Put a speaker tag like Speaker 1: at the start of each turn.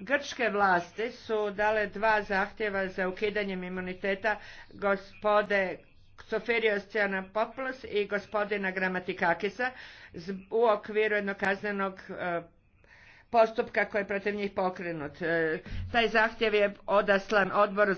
Speaker 1: Grčke vlasti su dale dva zahtjeva za ukidanjem imuniteta gospode Stjana Poplos i gospodina Gramatikakisa u okviru jednog kaznenog e, postupka koji je protiv njih pokrenut. E, taj zahtjev je odaslan odboru